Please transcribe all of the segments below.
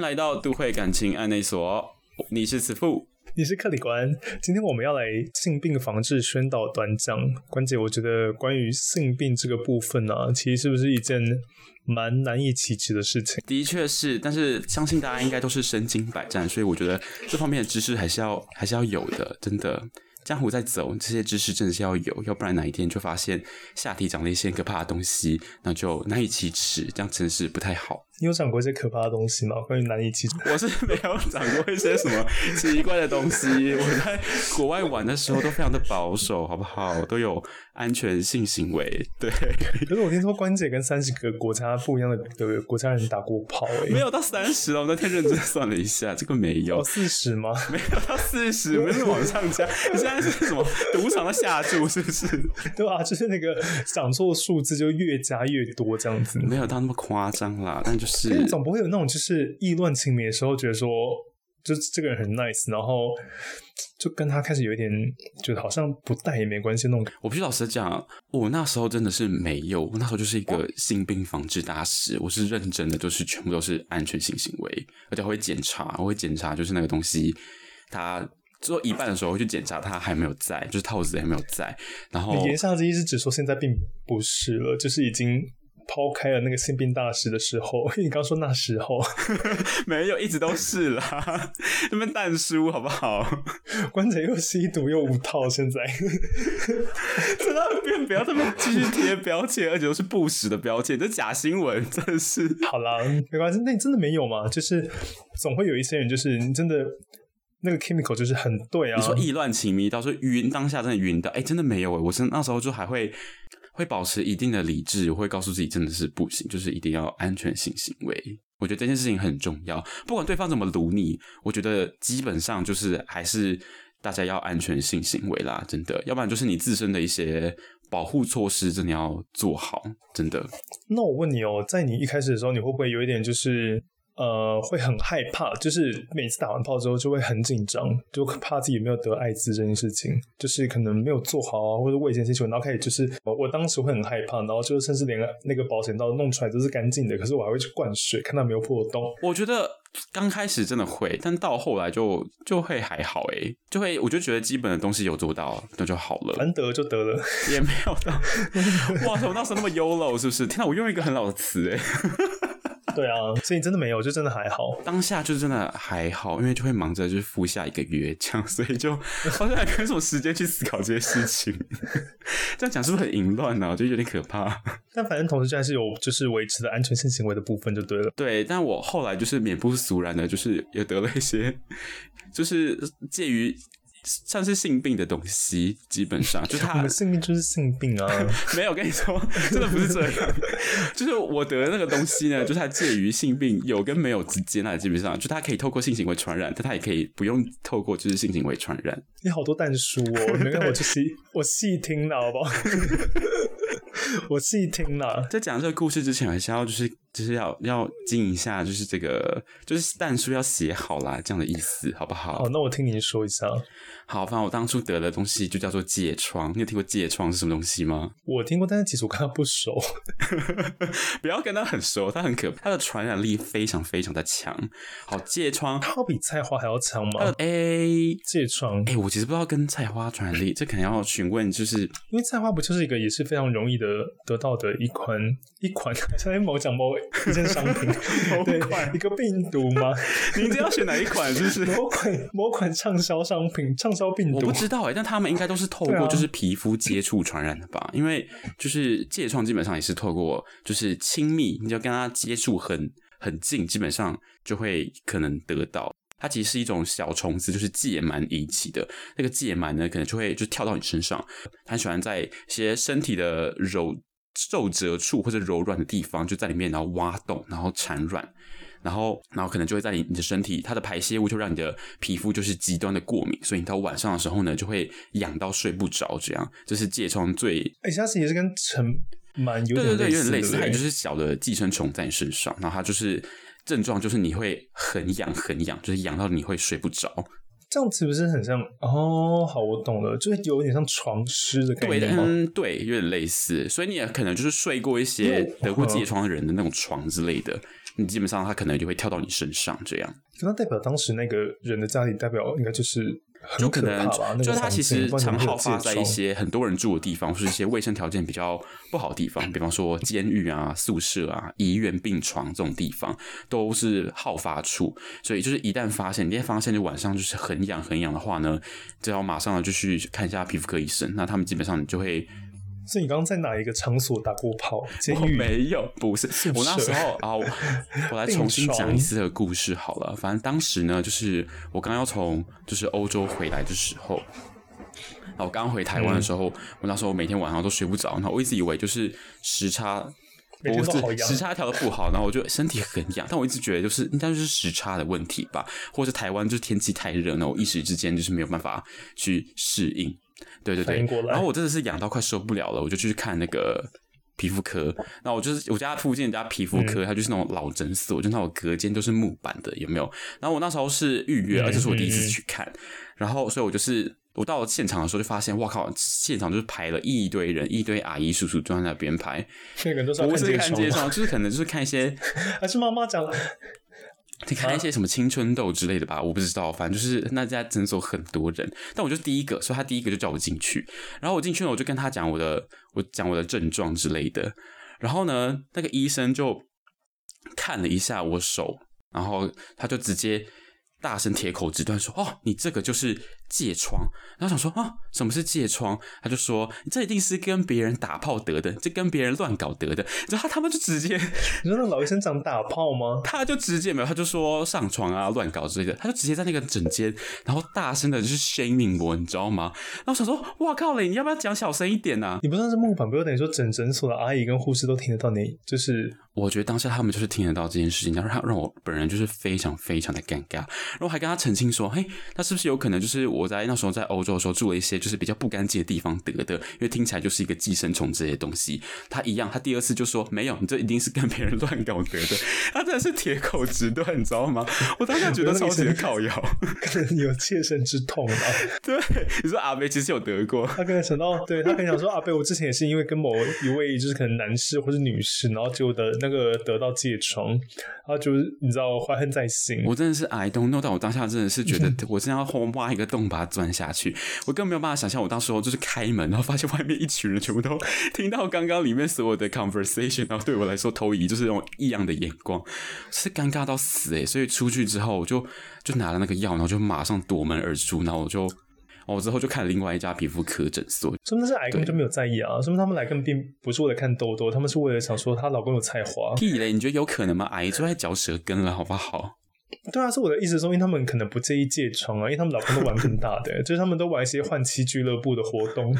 來到都會感情案內所。你是慈父，你是克里關。今天我們要來性病防治宣導短講。關姐，我覺得關於性病這個部分呢、啊，其實是不是一件蠻難以啟齒的事情？的確是，但是相信大家應該都是身經百戰，所以我覺得這方面的知識還是要還是要有的。真的，江湖在走，這些知識真的是要有，要不然哪一天就發現下體長了一些可怕的東西，那就難以啟齒，這樣真的是不太好。你有講過一些可怕的東西嗎？關於難以啟齒。我是沒有講過一些什麼奇怪的東西。我在國外玩的時候都非常的保守，好不好？都有安全性行為。對。可是我聽說關姐跟三十個國家不一樣的對國家人打過炮、欸、沒有到三十哦，我那天認真算了一下，這個沒有、哦。四十嗎？沒有到四十，我們是往上加。你 現在是什麼賭場的下注是不是？對啊，就是那個漲錯數字就越加越多這樣子。沒有到那麼誇張啦， 但就是。是總不會有那種就是意亂情迷的時候，覺得說就這個人很 nice，然後就跟他開始有一點，就好像不帶也沒關係那種。我必須老實講，我那時候真的是沒有，我那時候就是一個性病防治大使，我是認真的，就是全部都是安全性行為，而且我會檢查，我會檢查，就是那個東西，他做一半的時候我會去檢查，他還沒有在，就是套子還沒有在。然後言下之意是指說現在並不是了，就是已經。拋開了那個性病大使的時候，你剛說那時候 沒有，一直都是啦。這邊但書好不好？患者又吸毒又無套，現在真的 不要他們繼續貼標籤，而且都是不實的標籤，這是假新聞真的是。好了，沒關係，那你真的沒有嗎？就是總會有一些人，就是你真的那個 chemical 就是很對啊。你說意亂情迷到，到時候暈，當下真的暈的，哎、欸，真的沒有哎、欸，我真那時候就還會會保持一定的理智，會告訴自己真的是不行，就是一定要安全性行為。我覺得這件事情很重要，不管對方怎麼魯你，我覺得基本上就是還是大家要安全性行為啦，真的，要不然就是你自身的一些保護措施真的要做好，真的。那我問你哦，在你一開始的時候，你會不會有一點就是？呃，會很害怕，就是每次打完炮之後就會很緊張，就怕自己沒有得艾滋這件事情，就是可能沒有做好啊，或者未一件事情，然後可以就是，我當時會很害怕，然後就是甚至連那個保險套弄出來都是乾淨的，可是我還會去灌水，看到沒有破洞。我覺得剛開始真的會，但到後來就就會還好誒、欸，就會我就覺得基本的東西有做到，那就好了。難得就得了，也沒有到。 哇，我當時那麼 YOLO，是不是？天吶、啊，我用一個很老的詞誒、欸 對啊，所以真的沒有，就真的還好。當下就真的還好，因為就會忙着就是付下一個約這樣，所以就好像還沒什麼時間去思考這些事情。這樣講是不是很淫亂呢？我覺得有點可怕。但反正同時還是有就是維持的安全性行為的部分就對了。對，但我後來就是免不俗然的，就是也得了一些，就是介於。像是性病的東西，基本上就它性病就是性病啊， 沒有跟你說，真的不是這樣， 就是我得的那個東西呢，就是它介於性病有跟沒有之間啦，基本上就它可以透過性行為傳染，但它也可以不用透過就是性行為傳染。你好多但書，哦，你看 對 我就細我細聽了，好不好？ 我細聽了，在講這個故事之前，還是要就是就是要要靜一下，就是這個就是但書要寫好啦，這樣的意思，好不好？哦，那我聽您說一下。好，反正我當初得的東西就叫做疥瘡。你有聽過疥瘡是什麼東西嗎？我聽過，但是其實我跟他不熟。 不要跟他很熟，他很可怕，他的傳染力非常非常的強。好，疥瘡，他比菜花還要強嗎？A，疥瘡。哎、欸窗欸，我其實不知道跟菜花傳染力，這可能要詢問，就是因為菜花不就是一個也是非常容易的得，得到的一款一款，哎，某獎某一件商品， 某款對 一個病毒嗎？你只要選哪一款就是，不是某款某款暢銷商品。暢銷病毒，我不知道、欸、但他們應該都是透過就是皮膚接觸傳染的吧？啊、因為就是疥瘡基本上也是透過就是親密，你就跟它接觸很很近，基本上就會可能得到。它其實是一種小蟲子，就是疥蟎引起的。那個疥蟎呢，可能就會就跳到你身上，它喜歡在一些身體的柔皺褶處或者柔軟的地方，就在裡面然後挖洞，然後產卵。然後，然後可能就會在你，你的身體，它的排泄物就讓你的皮膚就是極端的過敏，所以你到晚上的時候呢，就會癢到睡不着。這樣，就是疥瘡最。哎，下次也是跟塵蟎有點類似。對對對，有點類似，還有對就是小的寄生蟲在你身上，然後它就是症狀就是你會很癢很癢，就是癢到你會睡不着。這樣子不是很像哦？好，我懂了，就是有點像床蝨的感覺嗎？對，有點類似，所以你也可能就是睡過一些得過疥瘡的人的那種床之類的。你基本上他可能就會跳到你身上，這樣。那代表當時那個人的家庭代表應該就是很可能，就可能就是他其實常好發在一些很多人住的地方， 或者一些衛生條件比較不好的地方，比方說監獄啊、宿舍啊、醫院病床這種地方都是好發處。所以就是一旦發現，一旦發現你晚上就是很癢很癢的話呢，就要馬上就去看一下皮膚科醫生。那他們基本上就會。是你剛剛在哪一個場所打過炮？我沒有，不是。我那時候是啊我，我來重新講一次這個故事好了。反正當時呢，就是我剛要從就是歐洲回來的時候，然後我剛回台灣的時候，嗯、我那時候每天晚上都睡不着。然後我一直以為就是時差，我時差調得不好，然後我就身體很癢。但我一直覺得就是應該是時差的問題吧，或者台灣就是天氣太熱，那我一時之間就是沒有辦法去適應。對對對，然後我真的是癢到快受不了了，我就去看那個皮膚科。那、嗯、我就是我家附近一家皮膚科，它就是那種老診所，我、嗯、那種隔間都是木板的，有沒有？然後我那時候是預約，嗯、而且是我第一次去看，嗯、然後所以我就是我到了現場的時候就發現，哇靠，現場就是排了一堆人，一堆阿姨叔叔坐在那邊排，很多是，是看介紹，就是可能就是看一些，還是媽媽講了。你看一些什麼青春痘之類的吧，啊、我不知道，反正就是那家診所很多人，但我就第一個，所以他第一個就叫我進去，然後我進去了，我就跟他講我的，我講我的症狀之類的，然後呢，那個醫生就看了一下我手，然後他就直接大聲鐵口直斷說：“哦，你這個就是。”疥瘡，然後想說啊，什麼是疥瘡？他就說，這一定是跟別人打炮得的，這跟別人亂搞得的。然後他們就直接，你說那老醫生長打炮嗎？他就直接沒有，他就說上床啊，亂搞之類的。他就直接在那個診間，然後大聲的就是 shaming 我，你知道嗎？然後想說，哇靠嘞，你要不要講小聲一點啊？你不能是夢訪，不要等於說整診所的阿姨跟護士都聽得到你？就是，我覺得當下他們就是聽得到這件事情，然後他讓我本人就是非常非常的尷尬，然後還跟他澄清說，嘿，他是不是有可能就是我？我在那時候在歐洲的時候住了一些就是比較不乾淨的地方得的，因為聽起來就是一個寄生蟲之類的東西，他一樣，他第二次就說沒有，你這一定是跟別人亂搞得的，他真的是鐵口直斷，你知道嗎？我當時覺得超級的靠腰，可能有切身之痛啊。對，你說阿貝其實有得過，他跟他想到，對他很想說 阿貝，我之前也是因為跟某一位就是可能男士或是女士，然後就得那個得到疥瘡，然後就是你知道懷恨在心，我真的是挨凍，弄到我當下真的是覺得我現在要後挖一個洞。把它鑽下去，我更沒有辦法想象，我當時候就是開門，然後發現外面一群人全部都聽到剛剛裡面所有的 conversation，然後對我來說投以就是那種異樣的眼光，是尷尬到死哎、欸！所以出去之後，我就就拿了那個藥，然後就馬上奪門而出，然後我就哦，然後之後就看了另外一家皮膚科的診所。什麼？是矮根就沒有在意啊？什麼對？是不是他們來根本並不是為了看痘痘，他們是為了想說她老公有菜花。屁嘞！你覺得有可能嗎？矮就在嚼舌根了，好不好？對啊，是我的意思是因為他們可能不介意借床啊，因為他們老婆都玩很大的，欸， 就是他們都玩一些換妻俱樂部的活動，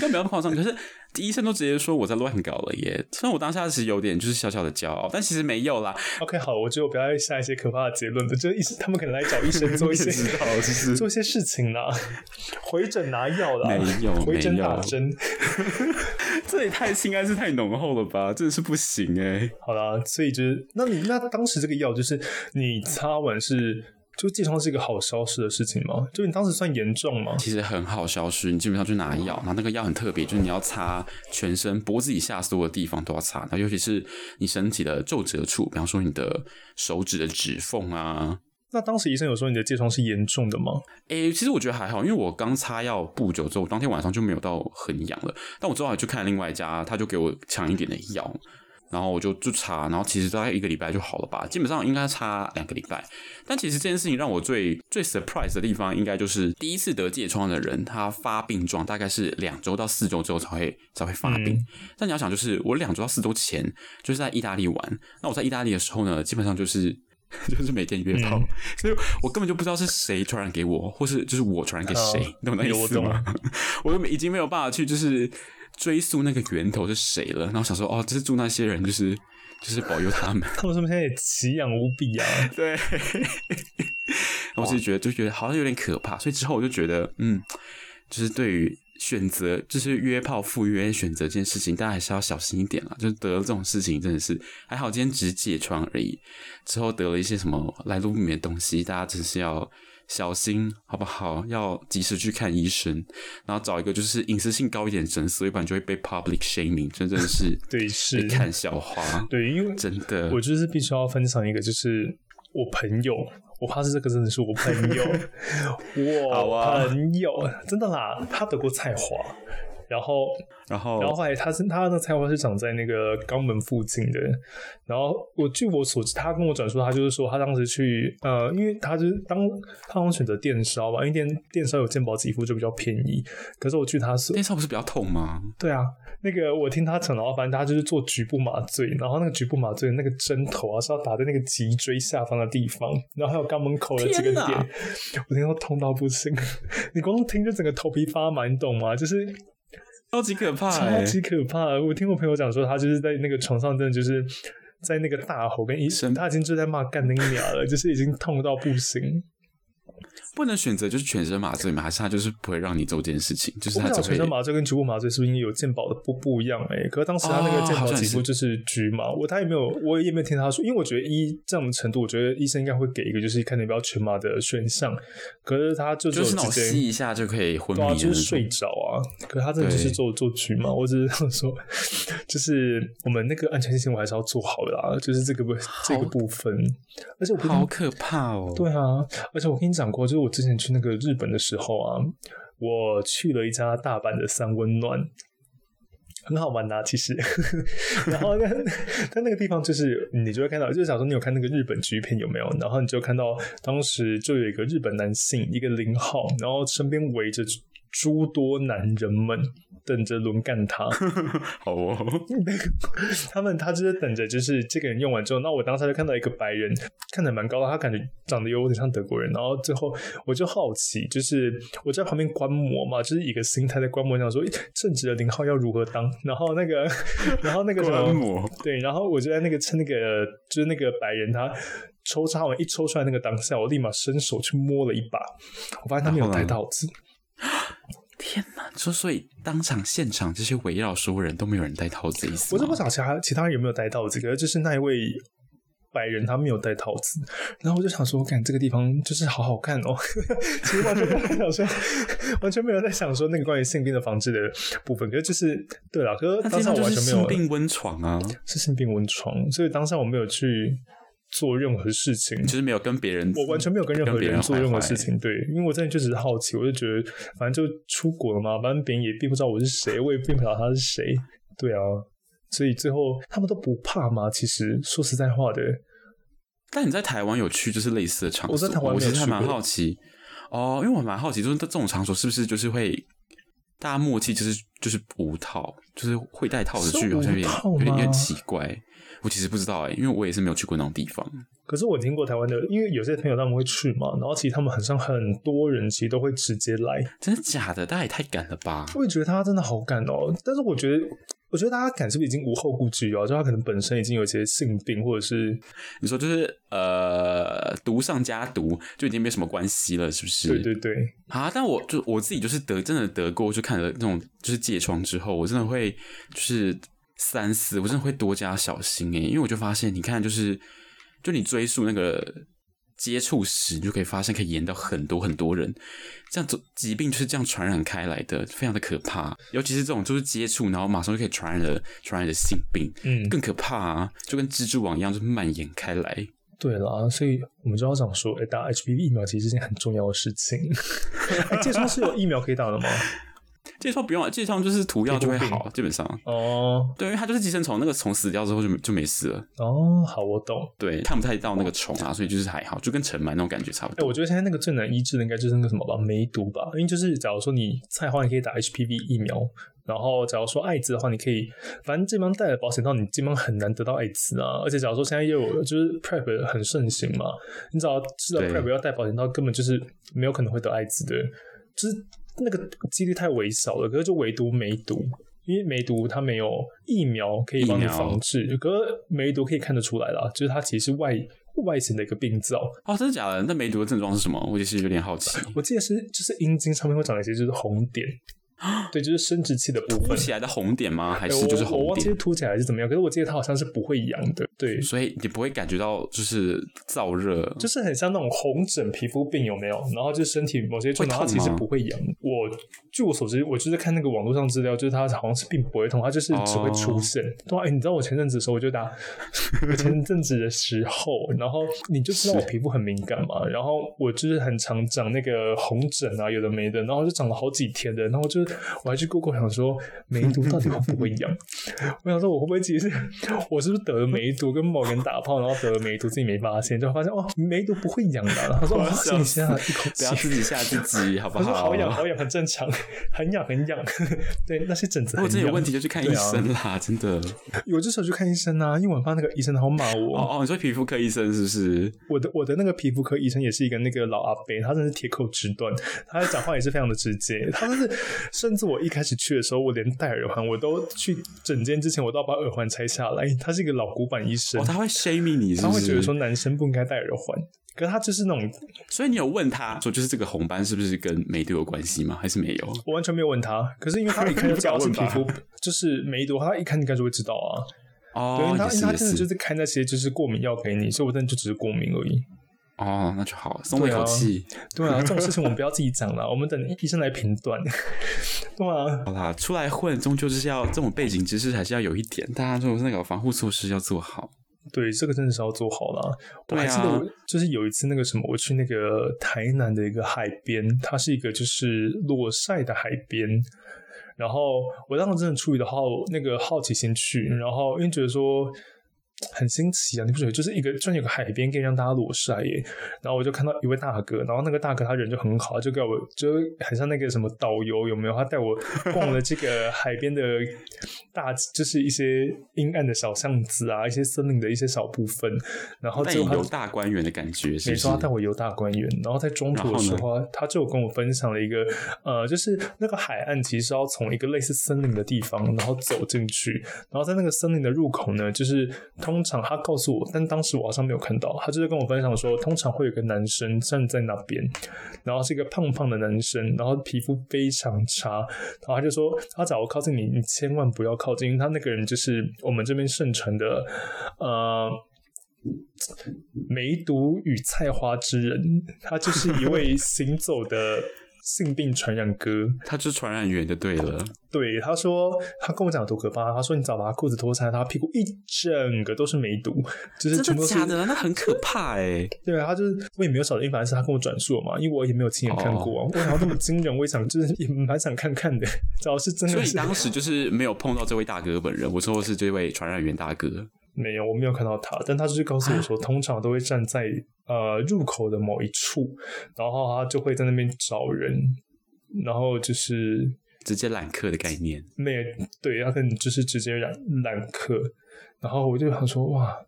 都不要化妝。可是醫生都直接說我在亂搞了耶。雖然我當下是有點就是小小的驕傲，但其實沒有啦。OK，好，我就不要下一些可怕的結論，就是他們可能來找醫生做一些，事情 做一些事情呢，回診拿藥啦，沒有，回診打針。有 這也太應該是太濃厚了吧，真的是不行哎、欸。好啦，所以就是，那你那當時這個藥就是你擦完是就基本上是一個好消失的事情嗎？就你當時算嚴重嗎？其實很好消失，你基本上去拿藥，然後那個藥很特別，就是你要擦全身，脖子以下所有的地方都要擦，尤其是你身體的皺褶處，比方說你的手指的指縫啊。那當時醫生有說你的疥瘡是嚴重的嗎？誒、欸，其實我覺得還好，因為我剛擦藥不久之後，當天晚上就沒有到很癢了。但我之後還去看另外一家，他就給我強一點的藥，然後我就就擦，然後其實大概一個禮拜就好了吧。基本上應該擦兩個禮拜。但其實這件事情讓我最最 surprise 的地方，應該就是第一次得疥瘡的人，他發病狀大概是兩周到四周之後才會才會發病。嗯、但你要想，就是我兩周到四周前就是在意大利玩，那我在意大利的時候呢，基本上就是。 就是每天約炮，跑，嗯、所以我根本就不知道是誰傳染給我，或是就是我傳染給誰，哦哦，你懂我意思嗎？我， 我已經沒有辦法去就是追溯那個源頭是誰了。然後想說，哦，這是祝那些人就是就是保佑他們，他們是不是現在也奇癢無比啊？ 對 我自己覺得就覺得好像有點可怕，所以之後我就覺得，嗯，就是對於。選擇就是約炮赴約，選擇這件事情，大家還是要小心一點了。就得了這種事情，真的是還好，今天只是疥瘡而已。之後得了一些什麼來路不明的東西，大家只是要小心，好不好？要及時去看醫生，然後找一個就是隱私性高一點的診所。所以不然就會被 public shaming，真的是 對，是看笑話。對，因為真的，我就是必須要分享一個就是。我朋友，我怕是這個真的是我朋友， 我朋友吧，真的啦，他得過菜花。然後，然後，然後後來、欸，他是他的菜花是長在那個肛門附近的。然後我據我所知，他跟我轉述，他就是說他當時去，呃，因為他就是當他當時選擇電燒吧，因為電電燒有健保給付，就比較便宜。可是我據他說，電燒不是比較痛嗎？對啊，那個我聽他講，然後反正他就是做局部麻醉，然後那個局部麻醉那個針頭啊是要打在那個脊椎下方的地方，然後還有肛門口的幾個點。啊、我聽到痛到不行， 你光聽就整個頭皮發麻，你懂嗎？就是。超級可怕、欸，超級可怕！我聽我朋友講說，他就是在那個床上，真的就是在那個大吼跟醫生，神他已經就在罵幹那個鳥了， 就是已經痛到不行。不能選擇就是全身麻醉嘛？還是他就是不會讓你做這件事情？就是他我不全身麻醉跟局部麻醉是不是因為有健保的不不一樣、欸？哎，可是當時他那個健保皮膚就是局麻，哦、我他也沒有，是我也沒有聽他說。因為我覺得醫，這樣的程度，我覺得醫生應該會給一個就是看你比較全麻的選項。可是他就就是只吸一下就可以昏迷、啊，就是睡着啊。可是他真的就是做對做局麻，我只是說，就是我們那個安全性我還是要做好的啊。就是這個部好這個部分，而且我好可怕哦。對啊，而且我跟你講。過就我之前去那個日本的時候啊，我去了一家大阪的三溫暖，很好玩的、啊、其實。 然後那跟在 那個地方，就是你就會看到，就是小時候你有看那個日本劇片有沒有？然後你就看到當時就有一個日本男性，一個零號，然後身邊圍着。諸多男人們等着輪幹他， 好哦。 他們他就是等着，就是這個人用完之後，那我當時就看到一個白人，看着蠻高的，他感覺長得有點像德國人。然後最後我就好奇，就是我在旁邊觀摩嘛，就是一個心態在觀摩說，想、欸、說正直的零號要如何當。然後那個，然後那個什麼， 關魔 對，然後我就在那個趁那個就是那個白人他抽插完一抽出來那個當下，我立馬伸手去摸了一把，我發現他沒有戴套子。天吶！說，所以當場現場這些圍繞所有人都沒有人戴套子意思？我就不找其他其他人有沒有戴套子，可是就是那一位白人他沒有戴套子。然後我就想說，我感覺這個地方就是好好看哦， 其實完全沒有在想，完全沒有在想說那個關於性病的防治的部分，可是就是對了，可是當時我完全沒有性病溫床啊，是性病溫床，所以當時我沒有去。做任何事情，就是沒有跟別人，我完全沒有跟任何人做任何事情，欸、對，因為我真的確實是好奇，我就覺得反正就出國了嘛，反正別人也並不知道我是誰，我也並不知道他是誰，對啊，所以最後他們都不怕嘛。其實說實在話的，但你在台灣有去就是類似的場所，我在台灣我其實還蠻好奇哦是、呃，因為我蠻好奇，就是在這種場所是不是就是會。大家默契就是就是不套，就是會帶套的去，好像有點有點奇怪。我其實不知道哎、欸，因為我也是沒有去過那種地方。可是我聽過台灣的，因為有些朋友他們會去嘛，然後其實他們好像很多人其實都會直接來，真的假的？大家也太敢了吧！我也覺得他真的好敢哦、喔，但是我覺得。我覺得大家感是不是已經無後顧之憂？就他可能本身已經有一些性病，或者是你說就是呃毒上加毒，就已經沒什麼關係了，是不是？對對對。啊！但我就我自己就是得真的得過，就看了那種就是疥瘡之後，我真的會就是三思，我真的會多加小心哎、欸，因為我就發現，你看就是就你追溯那個。接觸時，你就可以發現，可以延到很多很多人，這樣子疾病就是這樣傳染開來的，非常的可怕。尤其是這種就是接觸，然後馬上就可以傳染的，傳染的性病，嗯，更可怕啊，就跟蜘蛛網一樣，就蔓延開來。對了，所以我們就要想說，打 HPV 疫苗其實是件很重要的事情。接 觸、欸、是有疫苗可以打的嗎？ 這趟不用，這趟就是塗藥就會好，基本上。哦，uh, 對，因為它就是寄生蟲，那個蟲死掉之後就沒就沒事了。哦，uh, 好，我懂。對，看不太到那個蟲啊，所以就是還好，就跟塵蟎那種感覺差不多。欸，我覺得現在那個最難醫治的應該就是那個什麼吧，梅毒吧。因為就是，假如說你菜花，你可以打 HPV 疫苗；然後假如說艾滋的話，你可以，反正基本上戴了保險套，你基本上很難得到艾滋啊。而且假如說現在又有就是 Prep 很盛行嘛，你只要知道知道 Prep 要戴保險套，根本就是沒有可能會得艾滋的，對就是。那個幾率太微小了，可是就唯獨梅毒，因為梅毒它沒有疫苗可以幫你防治，疫苗。可是梅毒可以看得出來了，就是它其實是外外型的一個病灶啊。哦，真的假的？那梅毒的症狀是什麼？我也是有點好奇。我記得是就是陰莖上面會長一些就是紅點。啊、對，就是生殖器的部分凸起來的紅點嗎？還是就是紅點？欸我？我忘記凸起來是怎麼樣，可是我記得它好像是不會癢的。對，所以你不會感覺到就是燥熱，就是很像那種紅疹皮膚病有沒有？然後就身體某些地方它其實不會癢。我據我所知，我就是看那個網絡上資料，就是它好像是並不會痛，它就是只會出現。哦、對，你知道我前陣子的時候，我就打， 前陣子的時候，然後你就知道我皮膚很敏感嘛，是然後我就是很常長那個紅疹啊，有的沒的，然後就長了好幾天的，然後就是我還去 Google 想說梅毒到底會不會癢？ 我想說我會不會其實是我是不是得了梅毒？我跟某人打炮，然後得了梅毒，哦、自己沒發現，就發現哦，梅毒不會癢的。然後他說：“ 嗯、我要深吸一口氣不要自己嚇自己， 嗯、好不好？”好癢，好癢，很正常，很癢，很癢。 對，那些疹子。如果真有問題，就去看醫生啦，啊、真的。有這時候去看醫生啊，因為我發現那個醫生然後罵我，我。哦哦，你說皮膚科醫生是不是？我的我的那個皮膚科醫生也是一個那個老阿伯，他真的是鐵口直斷，他的講話也是非常的直接。 他是甚至我一開始去的時候，我連戴耳環我都去診間之前，我都要把耳環拆下來。他是一個老古板醫生。哦、他會 shame 你，是不是？他會覺得說男生不應該戴耳環，可是他就是那種，所以你有問他，說就是這個紅斑是不是跟梅毒有關係嗎？還是沒有？我完全沒有問他，可是因為他一看就知道是皮膚，就是梅毒。他一看就看就會知道啊。哦，對，因為他也是也是因為他真的就是開那些就是過敏藥給你，所以我真的就只是過敏而已。哦，那就好，鬆了一口氣、啊。對啊，這種事情我們不要自己講了， 我們等醫生來評斷。對啊，好啦，出來混終究就是要這種背景知識還是要有一點。大家這種那個防護措施要做好。對，這個真的是要做好了。啊、我還記得，就是有一次那個什麼，我去那個台南的一個海邊，它是一個就是裸曬的海邊。然後我當時真的出於的好那個好奇心去，然後因為覺得說。很新奇啊！你不覺得就是一個就門、是、有個海邊可以讓大家裸曬耶？然後我就看到一位大哥，然後那個大哥他人就很好，就給我就很像那個什麼導遊有沒有？他帶我逛了這個海邊的大， 就是一些陰暗的小巷子啊，一些森林的一些小部分。然後帶遊大觀園的感覺是是，沒錯，他帶我遊大觀園。然後在中途的時候、啊、他就跟我分享了一個呃，就是那個海岸其實要從一個類似森林的地方然後走進去，然後在那個森林的入口呢，就是。通常他告訴我，但當時我好像沒有看到，他就是跟我分享說，通常會有個男生站在那邊，然後是一個胖胖的男生，然後皮膚非常差，然後他就說他找我靠近你，你千萬不要靠近，因為他那個人就是我們這邊盛傳的，呃，梅毒與菜花之人，他就是一位行走的。 性病傳染哥，他就是傳染源就對了。對，他說他跟我講有多可怕，他說你只要把他褲子脫下來，他屁股一整個都是梅毒，就是，全部都是，真的假的？那很可怕哎、欸。對啊，他就是我也沒有少人，反而是他跟我轉述了嘛，因為我也沒有親眼看過。哦、我想到這麼驚人，我也想就是也蠻想看看的，主要是真的是。所以當時就是沒有碰到這位大哥本人，我說是這位傳染源大哥。沒有，我沒有看到他，但他就是告訴我說，啊、通常都會站在呃入口的某一處，然後他就會在那邊找人，然後就是直接攬客的概念。沒有，他可能就是直接攬攬客，然後我就想說，哇。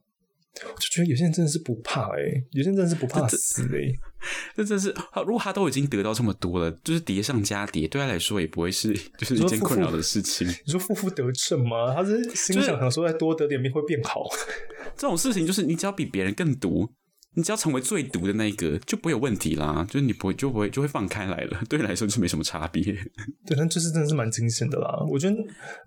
我就覺得有些人真的是不怕哎、欸，有些人真的是不怕死哎、欸，這真是，如果他都已經得到這麼多了，就是疊上加疊，對他來說也不會是就是一件困擾的事情。你說負負得正嗎？他是心想，想說再多得點病會變好，就是。這種事情就是你只要比別人更毒。你只要成為最毒的那一個，就不會有問題啦。就是你不會，就不會，就會放開來了。對你來說是沒什麼差別。對，那就是真的是蠻驚險的啦。我覺得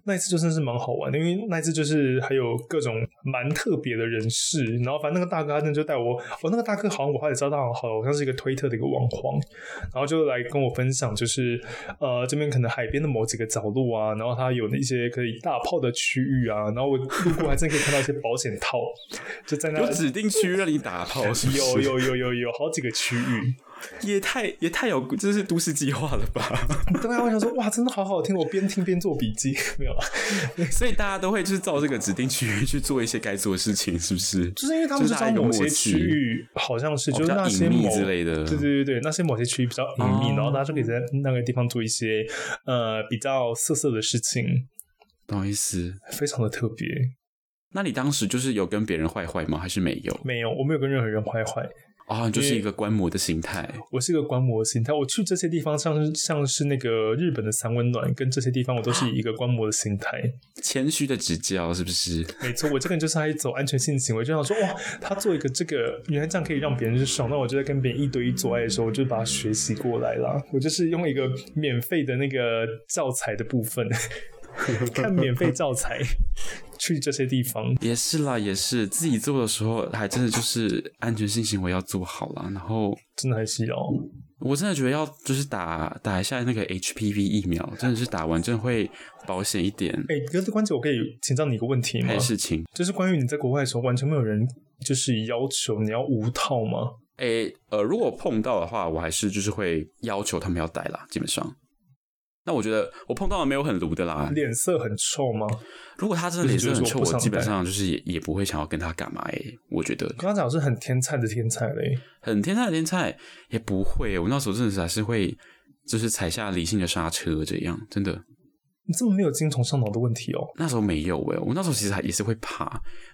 那一次就真的是蠻好玩的，因為那一次就是還有各種蠻特別的人士，然後反正那個大哥他真就帶我，哦，那個大哥好像我後知找到好像好我像是一個推特的一個網紅，然後就來跟我分享，就是呃這邊可能海邊的某幾個角落啊，然後他有那些可以打炮的區域啊，然後我路過還真可以看到一些保險套， 就在那裡有指定區域讓你打炮。 是不是？有有有有有好幾個區域， 也太也太有，就是都市計劃了吧？ 對啊，我想說，哇，真的好好聽，我邊聽邊做筆記，沒有、啊。 所以大家都會就是照這個指定區域去做一些該做的事情，是不是？就是因為他們知道某些區域好像是，就是那些某、哦、之類的，對對對那些某些區域比較隱秘，哦、然後大家就可以在那個地方做一些呃比較色色的事情，不好意思，非常的特別。那你當時就是有跟別人壞壞嗎？還是沒有？沒有，我沒有跟任何人壞壞啊，就是一個觀摩的心態。我是一個觀摩的心態。我去這些地方像、像像是那個日本的三溫暖，跟這些地方，我都是以一個觀摩的心態。謙虛的指教是不是？沒錯，我這個人就是愛走安全性行為， 就想說哇、哦，他做一個這個，原來這樣可以讓別人去爽。那我就在跟別人一對一做愛的時候，我就把它學習過來了。我就是用一個免費的那個教材的部分， 看免費教材。 去這些地方也是啦，也是自己做的時候，還真的就是安全性行為要做好了。然後真的還是要，我真的覺得要就是打打一下那個 HPV 疫苗，真的是打完真的會保險一點。哎、欸，哥，這關節我可以請教你一個問題嗎？沒事、欸，請，就是關於你在國外的時候，完全沒有人就是要求你要無套嗎？哎、欸，呃，如果碰到的話，我還是就是會要求他們要戴啦，基本上。那我覺得我碰到了沒有很魯的啦。臉色很臭嗎？如果他真的臉色很臭，我，我基本上就是也也不會想要跟他幹嘛、欸、我覺得，剛才是很天菜的天菜嘞、欸，很天菜的天菜也不會、欸。我那時候真的是還是會，就是踩下理性的剎車，這樣真的。你這麼沒有精蟲上腦的問題哦？那時候沒有、欸、我那時候其實也是會怕，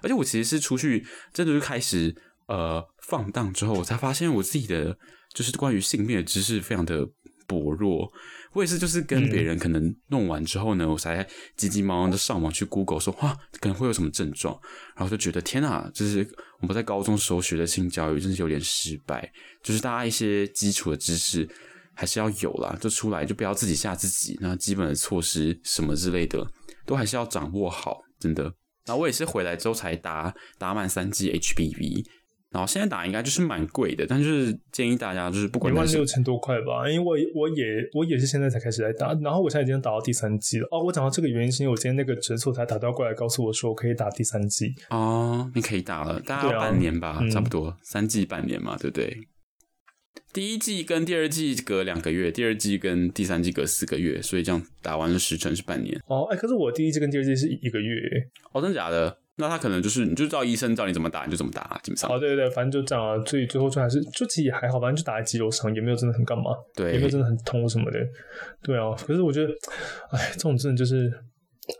而且我其實是出去真的就開始呃放蕩之後，我才發現我自己的就是關於性命的知識非常的薄弱。我也是，就是跟別人可能弄完之後呢，嗯、我才急急忙忙的上網去 Google 說，哇，可能會有什麼症狀，然後就覺得天哪、啊，就是我們在高中時候學的性教育真是有點失敗，就是大家一些基礎的知識還是要有啦，就出來就不要自己嚇自己，那基本的措施什麼之類的都還是要掌握好，真的。然後我也是回來之後才打打滿三劑 HBV。然後現在打應該就是蠻貴的，但就是建議大家就是不管是沒關係，六千多塊吧，因為我，我也我也是現在才開始來打，然後我現在已經打到第三劑了哦。我講到這個原因，是因為我今天那個診所才打電話過來告訴我說我可以打第三劑哦，你可以打了，大概半年吧，啊嗯、差不多三劑半年嘛，對不對？第一劑跟第二劑隔兩個月，第二劑跟第三劑隔四個月，所以這樣打完了時程是半年哦。哎，可是我第一劑跟第二劑是一個月哦，真的假的？那他可能就是，你就知道醫生叫你怎麼打你就怎麼打啊，基本上。哦，對對對，反正就這樣啊。最最後就還是，就自己還好，反正就打在肌肉上，也沒有真的很幹嘛，對，也沒有真的很痛什麼的，對啊。可是我覺得，哎，這種真的就是，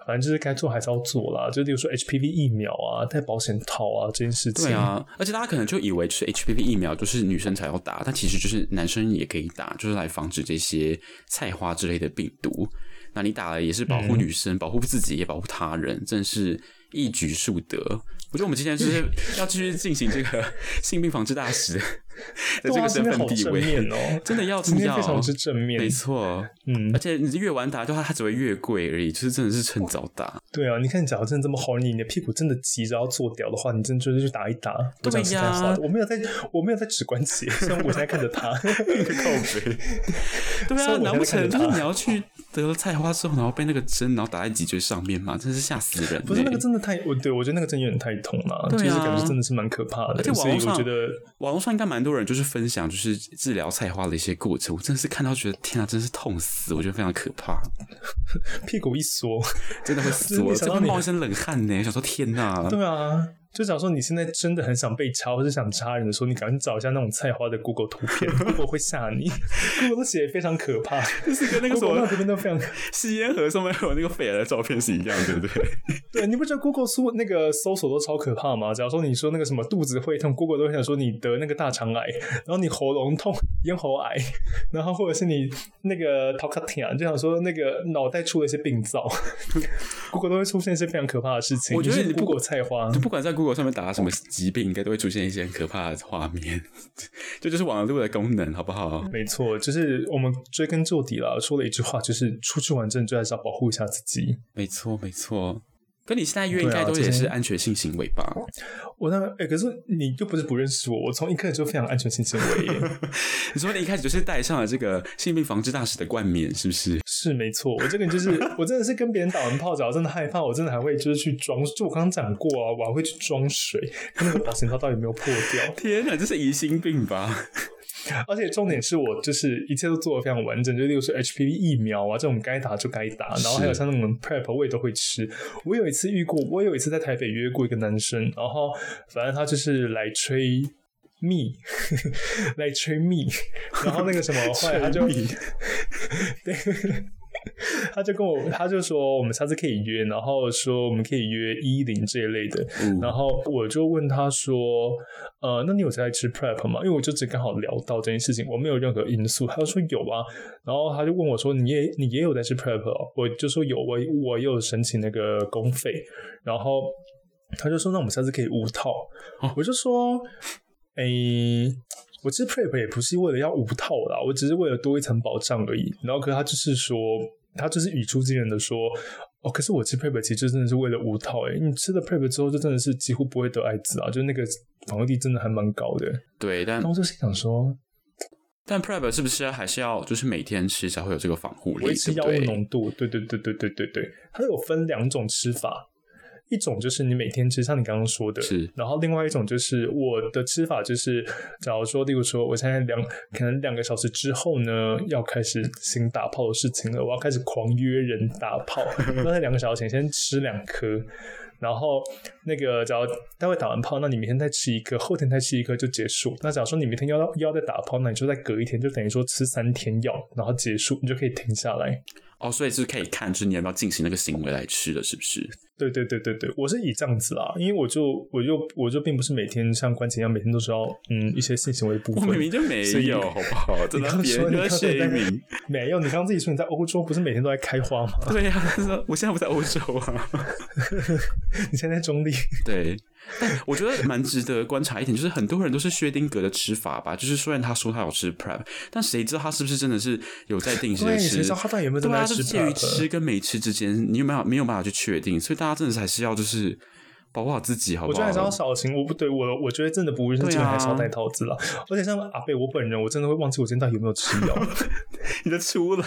反正就是該做還是要做啦。就比如說 HPV 疫苗啊，戴保險套啊這件事情。對啊，而且大家可能就以為就是 HPV 疫苗就是女生才要打，但其實就是男生也可以打，就是來防止這些菜花之類的病毒。那你打了也是保護女生，嗯、保護自己也保護他人，真是。一舉數得，我覺得我們今天就是要繼續進行這個性病防治大使。這個身份地位哦，真的要知道，沒錯，而且你越晚打的話，它只會越貴而已。就是真的是趁早打。對啊，你看你假如真的這麼紅，你的屁股真的急着要做掉的話，你真的就是去打一打。對呀，我沒有在，我沒有在指關節，像我現在看着它，靠背。對啊，難不成就是你要去得了菜花之後，然後被那個針，然後打在脊椎上面嗎？真是嚇死人！不是那個真的太我對我覺得那個針有點太痛了，其實感覺真的是蠻可怕的。而且網上，我覺得網絡上應該蠻多，很多人就是分享，就是治療菜花的一些過程。我真的是看到覺得天啊，真是痛死！我覺得非常可怕，屁股一縮， 真的會死我。我真的會冒一身冷汗呢、欸。 想說天哪，對啊。就假如說你現在真的很想被掐，或者想掐人的時候，你趕緊找一下那種菜花的 Google 圖片 ，Google 會嚇你。Google 寫非常可怕， 就是跟那個時候的圖片都非常。吸菸盒上面有那個肺癌的照片是一樣，對不對？ 對，你不覺得 Google 搜那個搜索都超可怕嗎？假如說你說那個什麼肚子會痛，Google 都會想說你得那個大腸癌，然後你喉嚨痛、咽喉癌，然後或者是你那個頭殼疼，就想說那個腦袋出了一些病灶，Google 都會出現一些非常可怕的事情。我覺得你不裹菜花，不管在。如果上面打了什麼疾病，哇應該都會出現一些很可怕的畫面。這 就，就是網絡的功能，好不好？沒錯，就是我們追根究底了，說了一句話，就是出去玩真的，就還是要保護一下自己。沒錯，沒錯。所以你現在越應該都是也是安全性行為吧？啊、我那哎、欸，可是你又不是不認識我，我從一開始就非常安全性行為耶。 你說你一開始就是戴上了這個性病防治大使的冠冕，是不是？是沒錯，我這個人就是，我真的是跟別人打完泡澡，真的害怕，我真的還會就是去裝，就我剛講過啊，我還會去裝水，看那個保險套到底有沒有破掉。 天哪，這是疑心病吧？而且重點是我就是一切都做得非常完整，就例如說 HPV 疫苗啊，這種該打就該打，是然後還有像那種 Prep 我也都會吃。我有一次遇過，我有一次在台北約過一個男生，然後反正他就是來吹蜜， 來吹蜜，然後那個什麼，後來他就 蜜 對。 他就跟我，他就說我們下次可以約，然後說我們可以約一零這一類的，嗯、然後我就問他說，呃，那你有在吃 prep 嗎？因為我就只剛好聊到這件事情，我沒有任何因素。他就說有啊，然後他就問我說，你也你也有在吃 prep？我就說有啊，我也有申請那個公費。然後他就說，那我們下次可以無套。嗯、我就說，哎、欸，我吃 prep 也不是為了要無套啦，我只是為了多一層保障而已。然後可他就是說他就是語出驚人地說：“哦，可是我吃 PrEP 其實真的是為了無套，哎，你吃了 PrEP 之後就真的是幾乎不會得艾滋啊，就那個防禦力真的還蠻高的。”對，但我就是想說，但 PrEP 是不是還是要就是每天吃才會有這個防護力？維持藥物濃度，對對對對對對對，它有分兩種吃法。一種就是你每天吃，像你剛剛說的，是然後另外一種就是我的吃法，就是假如說，例如說，我現在兩可能兩個小時之後呢，要開始新打炮的事情了，我要開始狂約人打炮。那 才兩個小時前先吃兩顆，然後那個假如待會打完炮，那你明天再吃一顆，後天再吃一顆就結束。那假如說你明天要要再打炮，那你就再隔一天，就等於說吃三天藥，然後結束，你就可以停下來。哦，所以就是可以看出你要不要進行那個行為來吃的，是不是？對對對對對，我是以這樣子啦，因為我就我就我就，我就並不是每天像關姐一樣每天都需要嗯一些性行為部分，我明明就沒有，好不好？真的、哦，你剛剛在誰？沒有？ 你剛自己說你在歐洲不是每天都在開花嗎？對呀、啊，他說我現在不在歐洲啊， 你現在在中立 。對。 但我覺得蠻值得觀察一點，就是很多人都是薛丁格的吃法吧。就是雖然他說他有吃 PrEP 但誰知道他是不是真的是有在定時吃？對啊，在吃他是介於吃跟沒吃之間，你有沒有沒有辦法去確定？所以大家真的是還是要就是。保護好自己，好不好？我覺得還是要小心。我不對我，我覺得真的不會，這邊、啊、還是要戴套子了。而且像阿伯，我本人我真的會忘記我今天到底有沒有吃藥。 你的初老，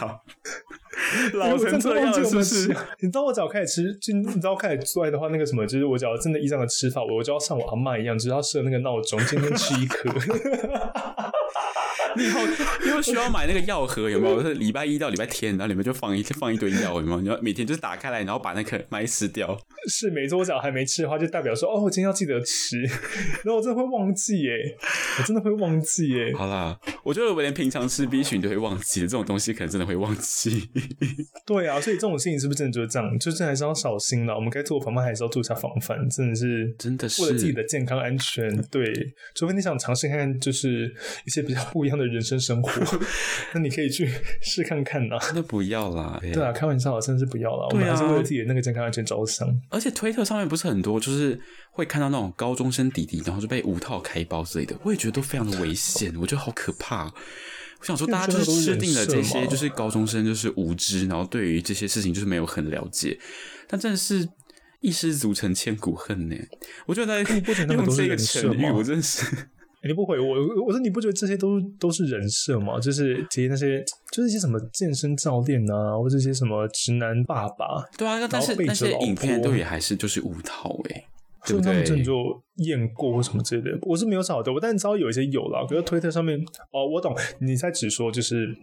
老成這樣是不是？你知道我早開始吃，就你知道我開始出來的話，那個什麼，就是我只要真的依這的吃法，我就要像我阿嬤一樣，就是要設那個鬧鐘，今天吃一顆。 你好，因為需要買那個藥盒，Okay. 有沒有？就是禮拜一到禮拜天，然後裡面就放一就放一堆藥，有沒有？你要每天就是打開來，然後把那個麥撕掉。是每周我早還沒吃的話，就代表說哦，我今天要記得吃。 然後我真的會忘記耶，我真的會忘記耶。好啦，我覺得我連平常吃 B 群都會忘記，這種東西可能真的會忘記。 對啊，所以這種事情是不是真的就是這樣？就是還是要小心了。我們該做防範還是要做一下防範，真的是，真的是為了自己的健康安全。對，除非你想嘗試看看，就是一些比較不一樣的。人生生活， 那你可以去試看看吶、啊。那不要啦，對啊，欸、開玩笑，真的是不要啦。啊、我們還是為自己的那個健康安全着想。而且推特上面不是很多，就是會看到那種高中生弟弟，然後就被無套開包之類的，我也覺得都非常的危險，欸、我覺得好可怕、喔。因為 我想說，大家就是設定的這些就就，是是這些就是高中生就是無知，然後對於這些事情就是沒有很了解。但真的是一失足成千古恨呢、欸，我覺得他用這個成語，我真是。欸、你不回我，我說，你不覺得這些都都是人設嗎？就是其實那些，就是一些什麼健身教練啊，或者一些什麼直男爸爸，對啊。然但是那些影片都也還是就是無套哎、欸，就他那麼整做艷鍋什麼之類的。我是沒有找到，我但知道有一些有了。可是推特上面哦，我懂你在指說，就是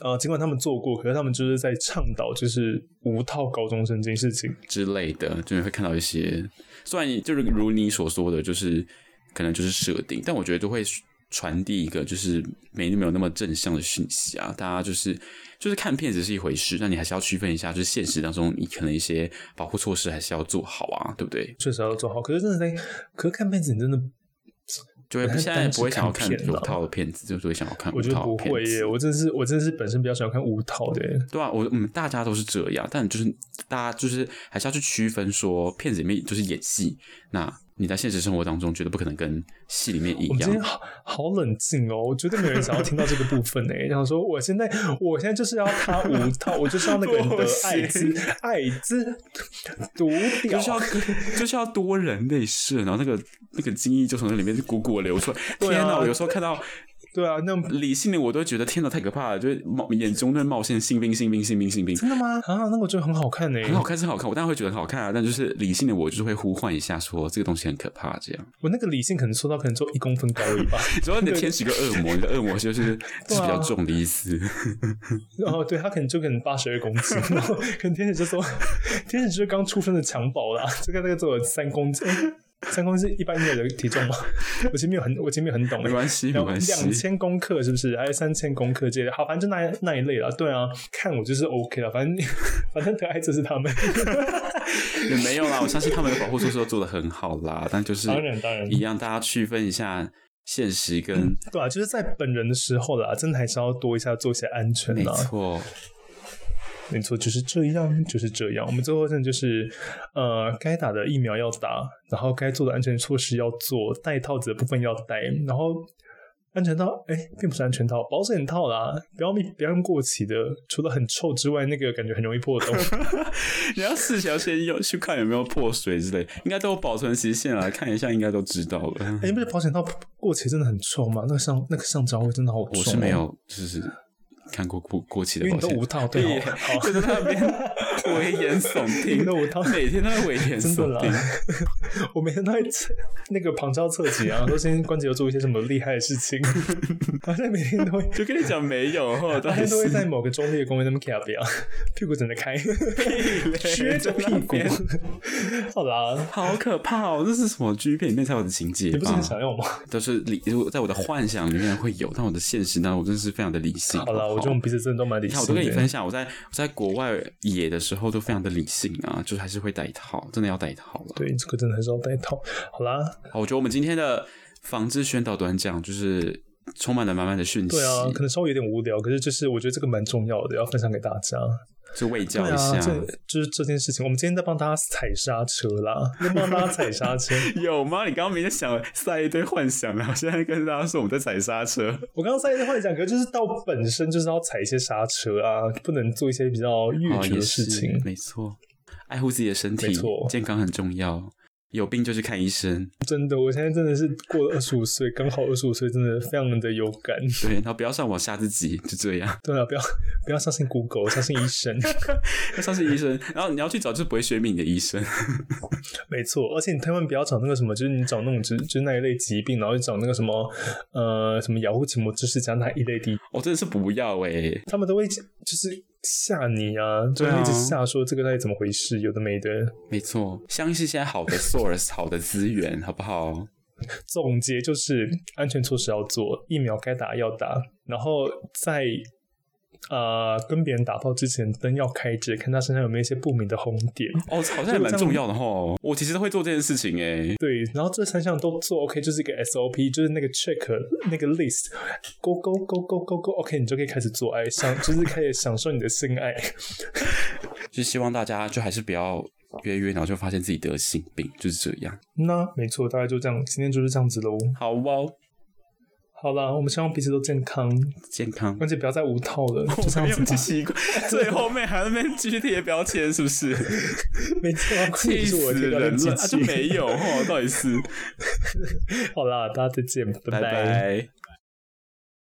呃，儘管他們做過，可是他們就是在倡導就是無套高中生這件事情之類的，就會看到一些。雖然就是如你所說的，就是。可能就是設定，但我覺得都會傳遞一個就是沒沒有那麼正向的訊息啊。大家就是就是看片子是一回事，那你還是要區分一下，就是現實當中你可能一些保護措施還是要做好啊，對不對？確實要做好，可是真的可是看片子你真的就會，現在不會想要看無套的片子，就只會想要看無套的片子我。我真的是我真是本身比較喜歡看無套的。對啊，我，嗯，大家都是這樣，但就是大家就是還是要去區分說，片子裡面就是演戲那。你在現實生活當中覺得不可能跟戲裡面一樣。我真今天好，好冷靜哦、喔，我絕對沒有人想要聽到這個部分哎、欸。 然後說，我現在我現在就是要他無套，我就是要那個人愛滋 愛滋毒就是要就是要多人類事。然後那個那個精液就從那裡面汩汩流出來。 啊、天吶，我有時候看到。對啊，那種理性的我都覺得天吶，太可怕了！就是眼中那冒險性病、性病、性病、性病，真的嗎？啊，那個、我覺得很好看哎、欸，很好看是很好看，我當然會覺得很好看啊，但就是理性的我就是會呼喚一下，說這個東西很可怕這樣。我那個理性可能說到可能做一公分高吧， 主要你的天使跟惡魔，對你的惡魔就是啊、是比較重的意思。然後、哦、對他可能就可能八十二公斤，然後 可能天使就說天使就是剛出生的襁褓啦，這個這個做了三公斤。三公斤是一般人的體重嗎？ 我其實沒有很，我其實沒有很懂沒係。沒關係，沒關係。兩千公克是不是？還是三千公克這些好，反正就那那一類了。對啊，看我就是 OK 了。反正反正得愛，這是他們 也沒有啦。我相信他們保護的保護措施都做得很好啦， 但就是當然，當然一樣大家區分一下現實跟、嗯、對啊，就是在本人的時候啦，真的還是要多一下做一些安全啦。沒錯。沒錯，就是這樣，就是這樣。我們最後真的就是，呃，該打的疫苗要打，然後該做的安全措施要做，戴套子的部分要戴，然後安全套，哎、欸，並不是安全套，保險套啦，不要不要用過期的，除了很臭之外，那個感覺很容易破的 你要試一下，先用，去看有沒有破水之類，應該都有保存期限了，看一下應該都知道了。哎、欸，不是保險套過期真的很臭嗎？那個像那個橡膠味真的好臭。我是沒有，就是。看過過過期的保險五套，對，就在那邊。 危言聳聽的，我他每天都在危言聳聽，我每天都在那個旁敲側擊啊，說今天關節又做一些什麼厲害的事情，好像每天都會就跟你講沒有，每天都會在某個中立的公園那邊卡表，屁股整得開，削屁股，好啦，好可怕，這是什麼 G 片裡面才有的情節？你不是想要嗎？都是理，如果在我的幻想裡面會有，但我的現實呢，我真的是非常的理性。好了，我就彼此真的都蠻理性。你看，我跟你分享，我在我在國外野的時候。之後都非常的理性啊，就是還是會戴一套，真的要戴一套了。對，這個真的還是要戴一套。好啦，好，我覺得我們今天的防治宣導短講，就是充滿了滿滿的訊息。對啊，可能稍微有點無聊，可是就是我覺得這個蠻重要的，要分享給大家。就衛教一下對、啊，就是這件事情。我們今天在幫大家踩剎車啦，幫大家踩剎車 有嗎？你剛剛明明在想塞一堆幻想，然後現在跟大家說我們在踩剎車。我剛剛塞一堆幻想，可能就是到本身就是要踩一些剎車啊，不能做一些比較越軌的事情、哦。沒錯，愛護自己的身體，沒錯健康很重要。有病就去看醫生，真的，我現在真的是過了二十五歲，剛好二十五歲，真的非常的有感。對，然後不要上網嚇自己，就這樣。對啊，不要不要相信 Google，相信醫生， 要相信醫生。然後你要去找就是不會 shaming 的醫生。 沒錯，而且你千萬不要找那個什麼，就是你找那種就是、就是、那一類疾病，然後找那個什麼呃什麼雅虎奇摩知識+那一類的。我、哦、真的是不要哎、欸，他們都會就是。嚇你啊！就、啊、一直嚇說錯這個到底怎麼回事？有的沒的，沒錯，相信現在好的 source， 好的資源，好不好？總結就是，安全措施要做，疫苗該打要打，然後再。呃，跟別人打炮之前，燈要開着，看他身上有沒有一些不明的紅點。哦，好像蠻重要的哦，我，我其實都會做這件事情哎、欸。對，然後這三項都做，OK，就是一個 SOP，就是那個 check 那個 list，GO GO GO GO GO GO OK 你就可以開始做愛，想，就是開始享受你的性愛。 就希望大家就還是不要約約，然後就發現自己得性病，就是這樣。那沒錯，大概就這樣，今天就是這樣子嘍。好，哇、哦好啦，我們希望彼此都健康，健康，而且不要再無套了。我沒有去習慣，就這樣子吧。最後面還在繼續貼標籤，是不是？ 沒錯、啊，氣死人了，不是、啊、沒有哈、 哦，到底是。好啦，大家再見，拜拜。拜拜。